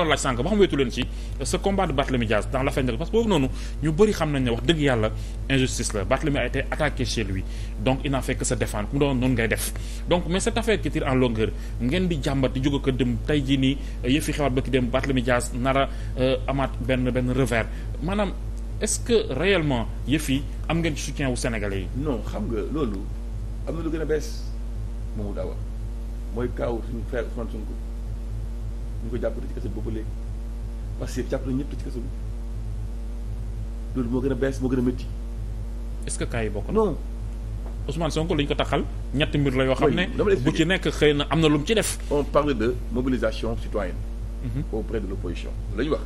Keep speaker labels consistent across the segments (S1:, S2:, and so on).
S1: loolu laaj sànq ba xam weetu leen ci ce combat de Barthélemy Diaz dans l'affaire Ndiaga parce que boobu noonu ñu bëri xam nañ ne wax dëgg yàlla injustice la Barthélemy a été donc il n'a sa que se défendre ku mu doon noonu ngay def donc mais cette affaire qui tire en longueur yëfi xewaat ba ki dem Barthélemy Diaz nar a euh, amaat benn benn revers maanaam est-ce que réellement yëfi am ngeen ci wu Sénégalais yi.
S2: non xam nga loolu am na lu gën a bees moomu daawa mooy kaw suñu frère mu ngi ko jàpp ci kaso bi boobu léegi parce que jàpp nañu ñëpp ci kaso bi loolu moo gën a bees moo gën a métti.
S1: est-ce que cas yi bokk no non Ousmane Sonko lañ ko taxal ñetti mbir la yoo xam ne bu ci
S2: nekk xëy na am na lu mu ci def. on parle de mobilisation citoyenne. Mhm. auprès de l'opposition. la ñu wax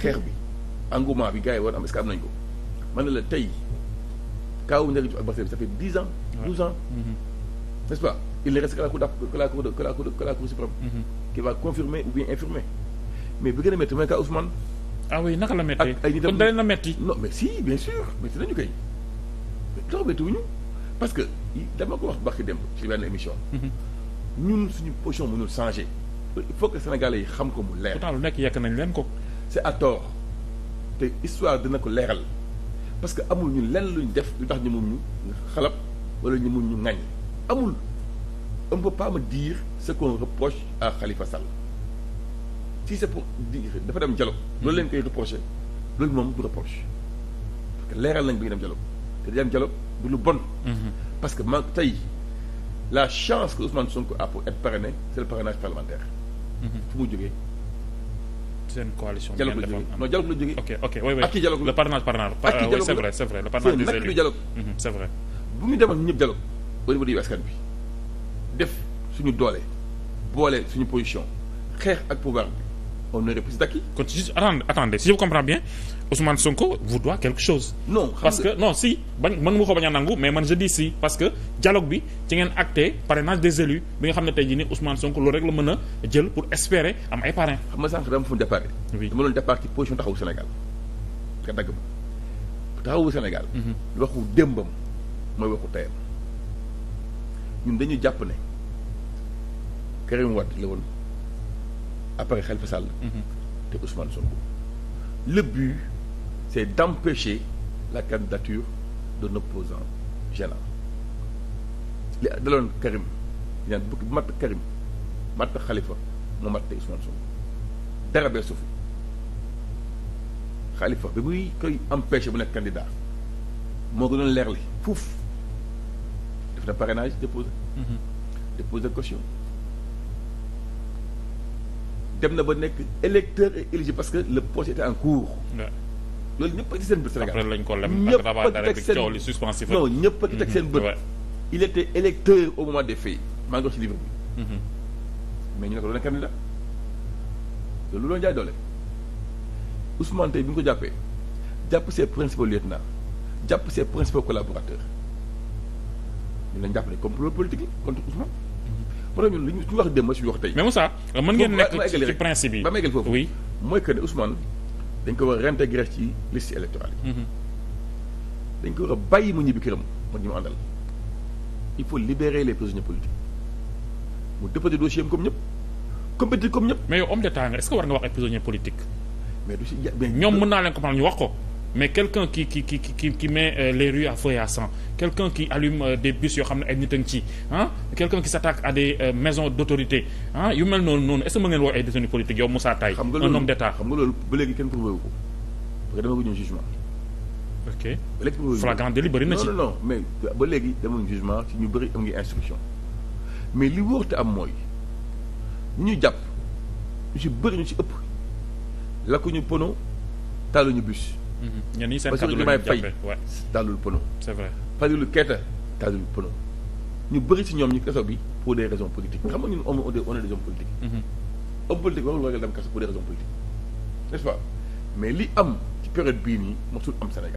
S2: xeex bi engouement bi gars yi war am que am nañ ko man ne la tey kaawu Ndeye Diouf ak Bassirou ça fait dix ans douze ans. Mhm. n'est-ce pas il ne reste que la cour que la cour que la cour que la cour suprême. Mhm. qui va confirmer ou bien infirmer mais bi gën a métti mooy cas Ousmane. ah oui naka la méttee ak ay nit kon dañ la métti. non mais si bien sûr métti nañu kay tax métti wuñu parce que dama ko wax barki démb ci benn émission. Mhm. ñun suñu position mënul changer. il faut que sénégalais yi xam ko mu leer. pourtant lu nekk yekk nañ leen ko. c'est à tort te histoire dina ko leeral parce que amul ñu lenn luñ def lu tax ñu mun ñu xalab wala ñu mun ñu ŋañ. amul on ne peut pas me dire ce qu'on reproche à Khalifa Sall si c'est pour dire dafa dem dialogue loolu leen koy reproché loolu moom du reproche parce que leeral nañ bi ngi dem dialogue te dem dialogue du lu bon mhm. parce que man tey la chance que Ousmane Sonko a pour être parrainé c'est le parrainage parlementaire mhm. fu mu jógee seen coalition dialogue la jógee non dialogue la jógee ak ki dialogue le parrainage parrainage euh, c'est vrai c'est vrai le parrainage des élus mhm, c'est vrai bu ñu demoon ñëpp au niveau askan bi def suñu doole boole suñu position xeex ak pouvoir bi on aurait plus d'acquis. kon juste attendez attendez si je
S1: comprends bien Ousmane Sonko vous doit quelque chose. non parce que non si bañ mën nga ko bañ a nangu mais man je dis si parce que dialogue bi ci ngeen acté parrainage des élus bi nga xam ne tey jii ni Ousmane Sonko loolu rek la mën a jël pour espérer am ay parrain. xam nga
S2: sànq dama fu mu départ. oui nga dagg ma taxawu Sénégal. Mhm. waxu démbam mooy ñun dañu jàpp ne Karim Wade la woon après Khalifa Sall. Mhm. te Ousmane Sonko. le but c'est d'empêcher la candidature d'un opposant gênant li daloon Karim ñaan bu mat Karim mat Khalifa mu mat te Ousmane dara bee suuf Khalifa bi muy koy empêcher bu nekk candidat moo ko doon leer li def na parrainage déposé. Mhm. déposé caution. dem na ba nekk électeur et parce que le procès était en cours. loolu ñëpp a ci seen bët Sénégal après lañ ko lem ak rabattre bi ñëpp a ci teg seen bët. il était électeur au moment des faits maa ngi wax ci livre bi. Mhm. mais ñu ne ko doon candidat loolu loolu jaay doole Ousmane tey bi ñu ko jàppee jàpp ses principaux lieutenants jàpp ses principaux collaborateurs. ñu leen jàppale complot politique yi contre Ousmane. problème ñun li ñu wax ma suñu wax tey. mais Moussa mën ngeen nekk ci principe yi ba ma eggal foofu mooy que ne Ousmane dañ ko war a réintégrer ci liste électorale yi. Mhm. dañ ko war a bàyyi mu ñibbi këram mag ñu mu àndal il faut libérer les prisonniers politiques mu déposé dossier am comme ñëpp compétit comme ñëpp. mais yow homme d'état nga est-ce war
S1: nga wax ay prisonniers politiques. mais du si ñoom mën naa leen comprendre ñu wax ko. mais quelqu'un qui qui ki qui qui met euh, les rues à feu à sang quelqu'un qui allume euh, bus yoo xam ne ay nit a ngi ci ah quelqu'un qui s'attaque à des euh, maisons d'autorité ah yu mel noonu noonu est-ce ngeen woo ay détenus politiques yow Moussa Taye un homme d'État
S2: xam nga parce que demaguñu jugement ok flagrant délit na ci mais ba léegi demaguñu jugement ci ñu bëri am ngi instruction mais li wóor te am mooy ñu jàpp ñu ci bëri ñu ci ëpp lakkuñu pono taaluñu bus Mhm. ñenn ñi seen kaddu la ñuy jàppee Bassirou Diomaye Faye tàllul ñu bëri ci ñoom ñu kaso bi pour des raisons politiques xam nga ñun on est on est des hommes politiques. Mhm. homme politique a dem kaso pour des raisons politiques n'est-ce pas mais li am ci période bii nii mosul am Sénégal.